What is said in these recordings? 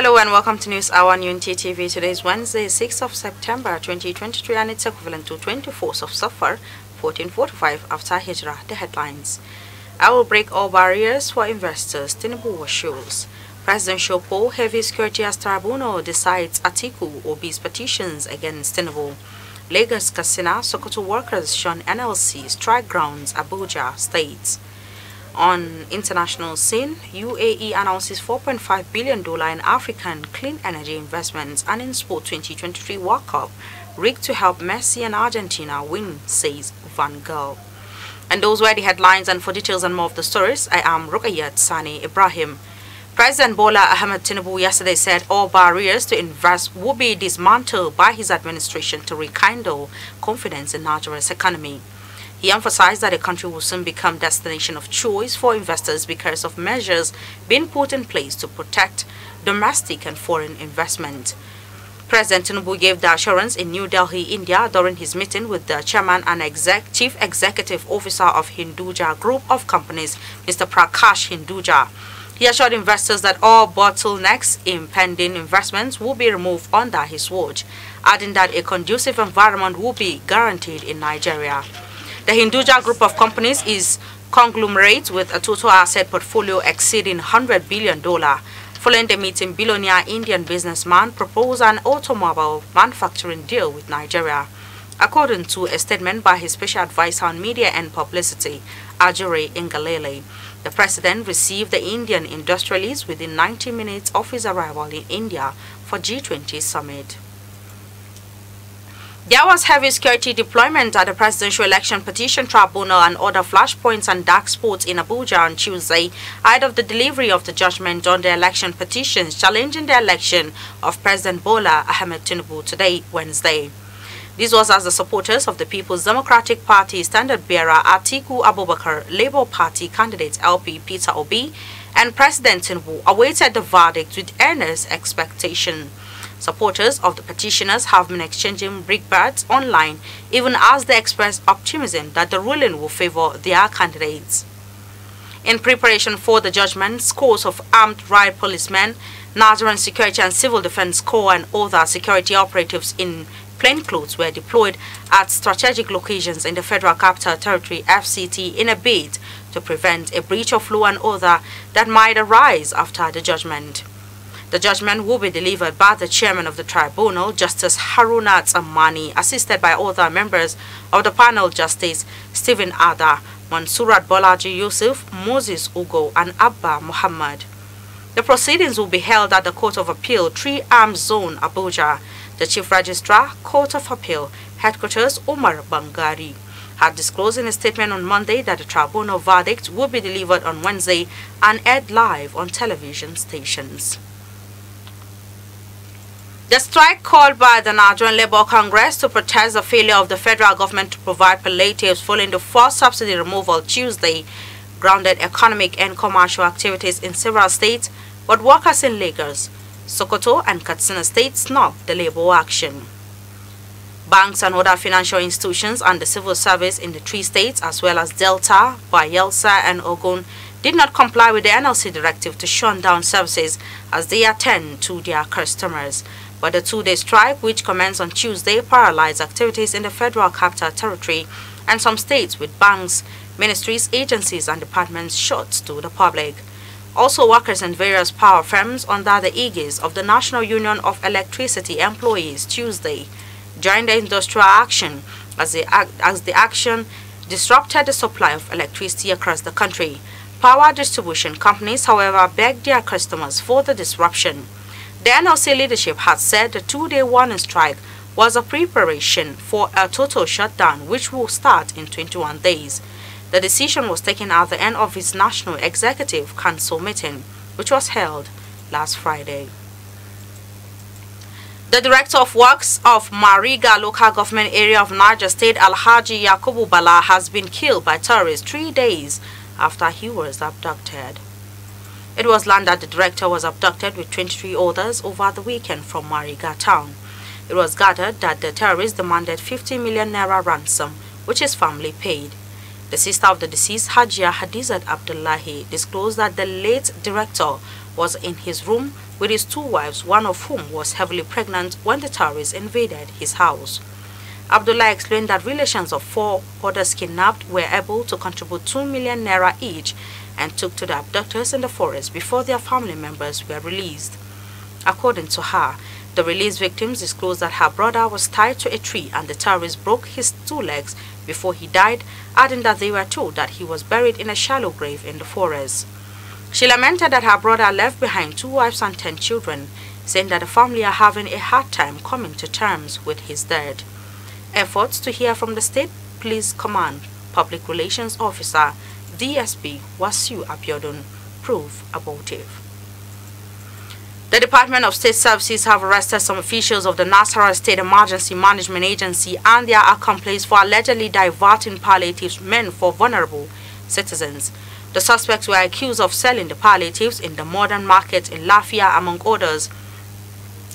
Hello and welcome to News Hour on UNT TV. Today is Wednesday, 6th of September 2023 and it's equivalent to 24th of Safar 1445 after Hijrah. The headlines. I will break all barriers for investors. Tinubu assures. President poll heavy security as tribunal decides Atiku Obi's petitions against Tinubu. Lagos casino, Sokoto workers shun NLC strike grounds Abuja states. On international scene, UAE announces 4.5 billion dollar in African clean energy investments and in Sport 2023 World Cup rigged to help Messi and Argentina win, says Van Gaal. And those were the headlines and for details and more of the stories, I am Rukayat Sani Ibrahim. President Bola Ahmed Tinubu yesterday said all barriers to invest will be dismantled by his administration to rekindle confidence in Nigeria's economy. He emphasized that the country will soon become destination of choice for investors because of measures being put in place to protect domestic and foreign investment. President Tinubu gave the assurance in New Delhi, India during his meeting with the chairman and exec chief executive officer of Hinduja Group of Companies, Mr. Prakash Hinduja. He assured investors that all bottlenecks in pending investments will be removed under his watch, adding that a conducive environment will be guaranteed in Nigeria. The Hinduja group of companies is conglomerate with a total asset portfolio exceeding $100 billion. Following the meeting, billionaire Indian businessman proposed an automobile manufacturing deal with Nigeria. According to a statement by his special advisor on media and publicity, Ajuri Ingalele, the president received the Indian industrialists within 90 minutes of his arrival in India for G20 summit. There was heavy security deployment at the presidential election petition tribunal and other flashpoints and dark spots in Abuja on Tuesday, ahead of the delivery of the judgment on the election petitions challenging the election of President Bola Ahmed Tinubu today, Wednesday. This was as the supporters of the People's Democratic Party standard bearer Atiku Abubakar, Labour Party candidate LP Peter Obi, and President Tinubu awaited the verdict with earnest expectation. Supporters of the petitioners have been exchanging brickbats online even as they express optimism that the ruling will favor their candidates. In preparation for the judgment, scores of armed riot policemen, Nigerian Security and Civil Defense Corps and other security operatives in plainclothes were deployed at strategic locations in the Federal Capital Territory FCT in a bid to prevent a breach of law and order that might arise after the judgment. The judgment will be delivered by the chairman of the tribunal, Justice Haruna Tsammani, assisted by other members of the panel, Justice Stephen Ada, Mansurat Bolaji Yusuf, Moses Ugo, and Abba Muhammad. The proceedings will be held at the Court of Appeal, Three Arms Zone, Abuja. The Chief Registrar, Court of Appeal, Headquarters, Umar Bangari had disclosed in a statement on Monday that the tribunal verdict will be delivered on Wednesday and aired live on television stations. The strike called by the Nigerian Labour Congress to protest the failure of the federal government to provide palliatives following the forced subsidy removal Tuesday grounded economic and commercial activities in several states, but workers in Lagos, Sokoto and Katsina states snubbed the labour action. Banks and other financial institutions and the civil service in the three states, as well as Delta, Bayelsa and Ogun, did not comply with the NLC directive to shut down services as they attend to their customers. But the two-day strike, which commenced on Tuesday, paralyzed activities in the Federal Capital Territory and some states with banks, ministries, agencies and departments shut to the public. Also, workers in various power firms under the aegis of the National Union of Electricity Employees Tuesday joined the industrial action as the, as the action disrupted the supply of electricity across the country. Power distribution companies, however, begged their customers for the disruption. The NLC leadership had said the two-day warning strike was a preparation for a total shutdown which will start in 21 days. The decision was taken at the end of its National Executive Council meeting, which was held last Friday. The Director of Works of Mariga local government area of Niger State, Alhaji Yakubu Bala, has been killed by terrorists three days after he was abducted. It was learned that the director was abducted with 23 others over the weekend from Mariga town. It was gathered that the terrorists demanded 50 million naira ransom, which his family paid. The sister of the deceased, Hajia Hadizat Abdullahi, disclosed that the late director was in his room with his two wives, one of whom was heavily pregnant when the terrorists invaded his house. Abdullah explained that relations of four others kidnapped were able to contribute 2 million naira each and took to the abductors in the forest before their family members were released. According to her, the released victims disclosed that her brother was tied to a tree and the terrorist broke his two legs before he died, adding that they were told that he was buried in a shallow grave in the forest. She lamented that her brother left behind two wives and ten children, saying that the family are having a hard time coming to terms with his death. Efforts to hear from the State Police Command Public Relations Officer DSP Wasu Abiodun prove abortive. The Department of State Services have arrested some officials of the Nasarawa State Emergency Management Agency and their accomplices for allegedly diverting palliatives meant for vulnerable citizens. The suspects were accused of selling the palliatives in the modern market in Lafia, among others.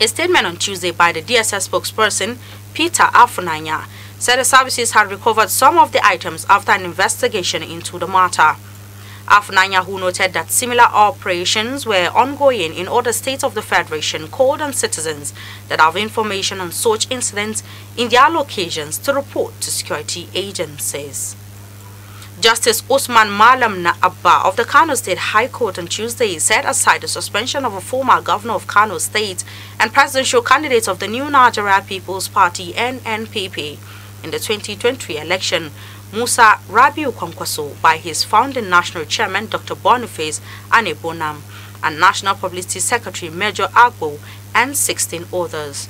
A statement on Tuesday by the DSS spokesperson, Peter Afunanya, said the services had recovered some of the items after an investigation into the matter. Afunanya, who noted that similar operations were ongoing in other states of the Federation, called on citizens that have information on such incidents in their locations to report to security agencies. Justice Usman Malam Naabba of the Kano State High Court on Tuesday set aside the suspension of a former governor of Kano State and presidential candidate of the New Nigeria People's Party NNPP in the 2020 election, Musa Rabiu Kwankwaso, by his founding national chairman Dr. Boniface Anebonam and National Publicity Secretary Major Agbo and 16 others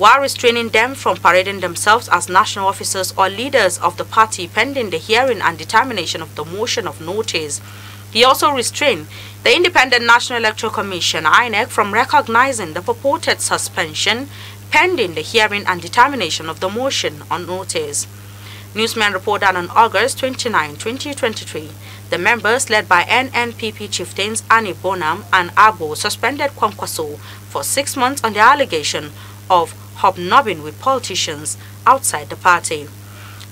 while restraining them from parading themselves as national officers or leaders of the party pending the hearing and determination of the motion of notice. He also restrained the Independent National Electoral Commission INEC from recognizing the purported suspension pending the hearing and determination of the motion on notice. Newsman reported on August 29, 2023, the members led by NNPP chieftains Annie Bonham and Abo suspended Kwankwaso for six months on the allegation of hobnobbing with politicians outside the party.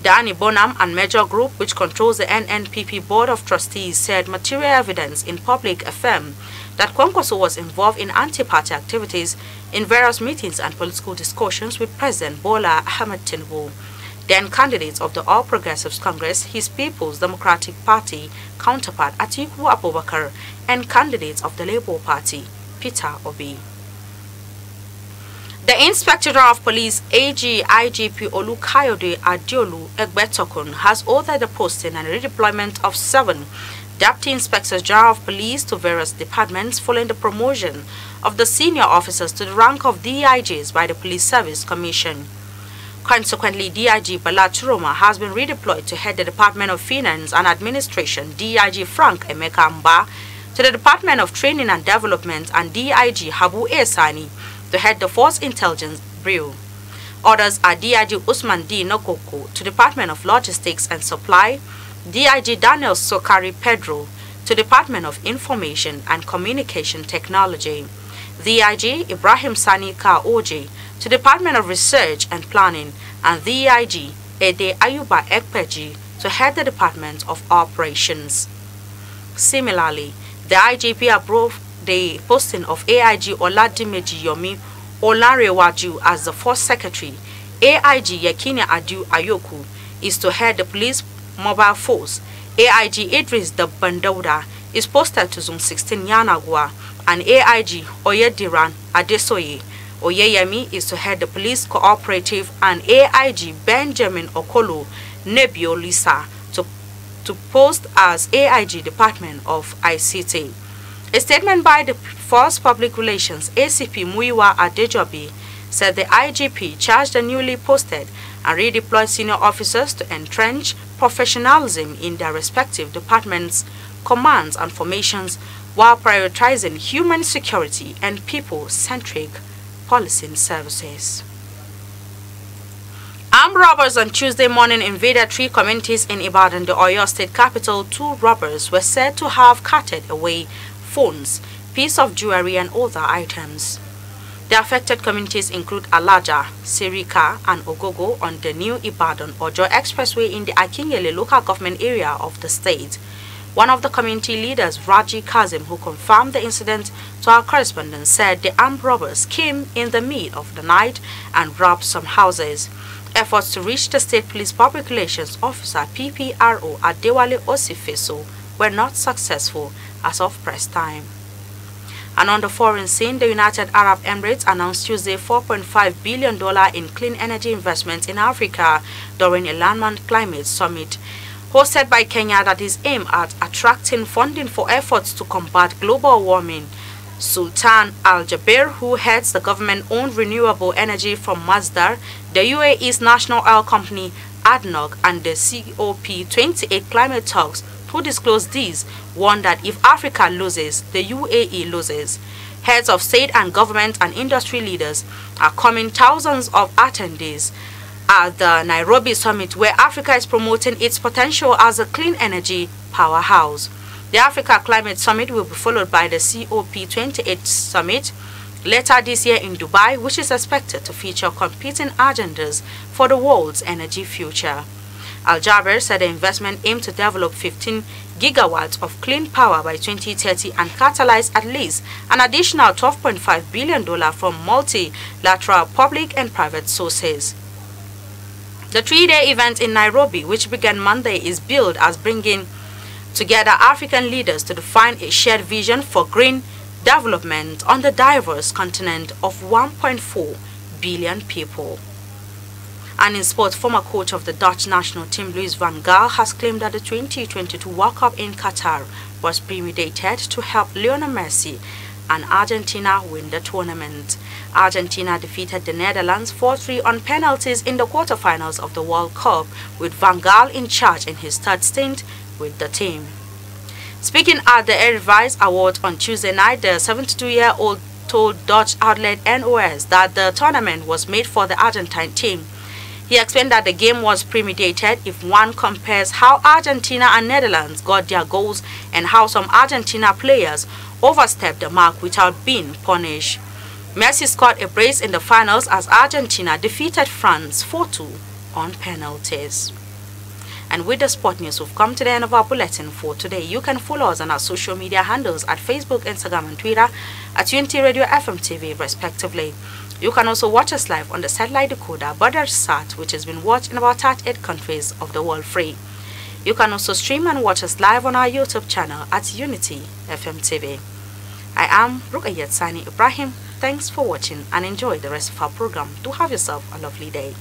The Annie Bonham and Major Group, which controls the NNPP Board of Trustees, said material evidence in public affirmed that Kwankwaso was involved in anti-party activities in various meetings and political discussions with President Bola Ahmed Tinubu then candidates of the All Progressives Congress, his People's Democratic Party counterpart Atiku Abubakar, and candidates of the Labour Party, Peter Obi. The Inspector of Police AG IGP Olukayode Adiolu Egbetokun has ordered the posting and redeployment of seven Deputy Inspector General of Police to various departments following the promotion of the senior officers to the rank of DIGs by the Police Service Commission. Consequently, DIG Balaturoma has been redeployed to head the Department of Finance and Administration, DIG Frank Emeka Mba, to the Department of Training and Development, and DIG Habu Esani to head the Force Intelligence Bureau. Orders are DIG Usman D. Nokoko to Department of Logistics and Supply, DIG Daniel Sokari Pedro to Department of Information and Communication Technology, DIG Ibrahim Sani Kaoji to Department of Research and Planning, and DIG Ede Ayuba Ekpeji to head the Department of Operations. Similarly, the IGP approved the posting of AIG Oladimeji Yomi Olarewaju as the first secretary, AIG Yakini Adu Ayoku is to head the police mobile force. AIG Idris the Bandauda is posted to Zone 16 Yanagua and AIG Oyediran Adesoye Oyeyemi is to head the police cooperative and AIG Benjamin Okolo Nebiolisa to, to post as AIG Department of ICT. A statement by the Force Public Relations ACP Muiwa Adejobi said the IGP charged the newly posted and redeployed senior officers to entrench professionalism in their respective departments, commands and formations while prioritizing human security and people-centric and services. Armed robbers on Tuesday morning invaded three communities in Ibadan, the Oyo state capital. Two robbers were said to have carted away phones, piece of jewelry and other items. The affected communities include Alaja, Serika, and Ogogo on the new Ibadan Ojo Expressway in the Akinyele local government area of the state. One of the community leaders, Raji Kazim, who confirmed the incident to our correspondent, said the armed robbers came in the mid of the night and robbed some houses. Efforts to reach the state police public relations officer PPRO Adewale Osifeso were not successful as of press time. And on the foreign scene, the United Arab Emirates announced Tuesday $4.5 billion in clean energy investments in Africa during a landmark climate summit hosted by Kenya that is aimed at attracting funding for efforts to combat global warming. Sultan Al Jaber, who heads the government-owned renewable energy from Masdar, the UAE's national oil company, ADNOC, and the COP28 climate talks who disclosed these warned that if Africa loses, the UAE loses. Heads of state and government and industry leaders are coming thousands of attendees at the Nairobi summit where Africa is promoting its potential as a clean energy powerhouse. The Africa Climate Summit will be followed by the COP28 Summit later this year in Dubai, which is expected to feature competing agendas for the world's energy future. Al Jaber said the investment aimed to develop 15 gigawatts of clean power by 2030 and catalyze at least an additional $12.5 billion from multilateral public and private sources. The three-day event in Nairobi, which began Monday, is billed as bringing together African leaders to define a shared vision for green development on the diverse continent of 1.4 billion people. And in sports, former coach of the Dutch national team Louis van Gaal has claimed that the 2022 World Cup in Qatar was premeditated to help Lionel Messi and Argentina win the tournament. Argentina defeated the Netherlands 4-3 on penalties in the quarterfinals of the World Cup, with Van Gaal in charge in his third stint with the team. Speaking at the Eredivisie Awards on Tuesday night, the 72-year-old told Dutch outlet NOS that the tournament was made for the Argentine team he explained that the game was premeditated if one compares how Argentina and Netherlands got their goals and how some Argentina players overstepped the mark without being punished. Messi scored a brace in the finals as Argentina defeated France 4-2 on penalties. And with the sport news, we've come to the end of our bulletin for today. You can follow us on our social media handles at Facebook, Instagram, and Twitter at UNT Radio FM TV, respectively. You can also watch us live on the satellite decoder BudderSat, which has been watched in about 38 countries of the world free. You can also stream and watch us live on our YouTube channel at Unity FM TV. I am Rukayat Sani Ibrahim. Thanks for watching and enjoy the rest of our program. Do have yourself a lovely day.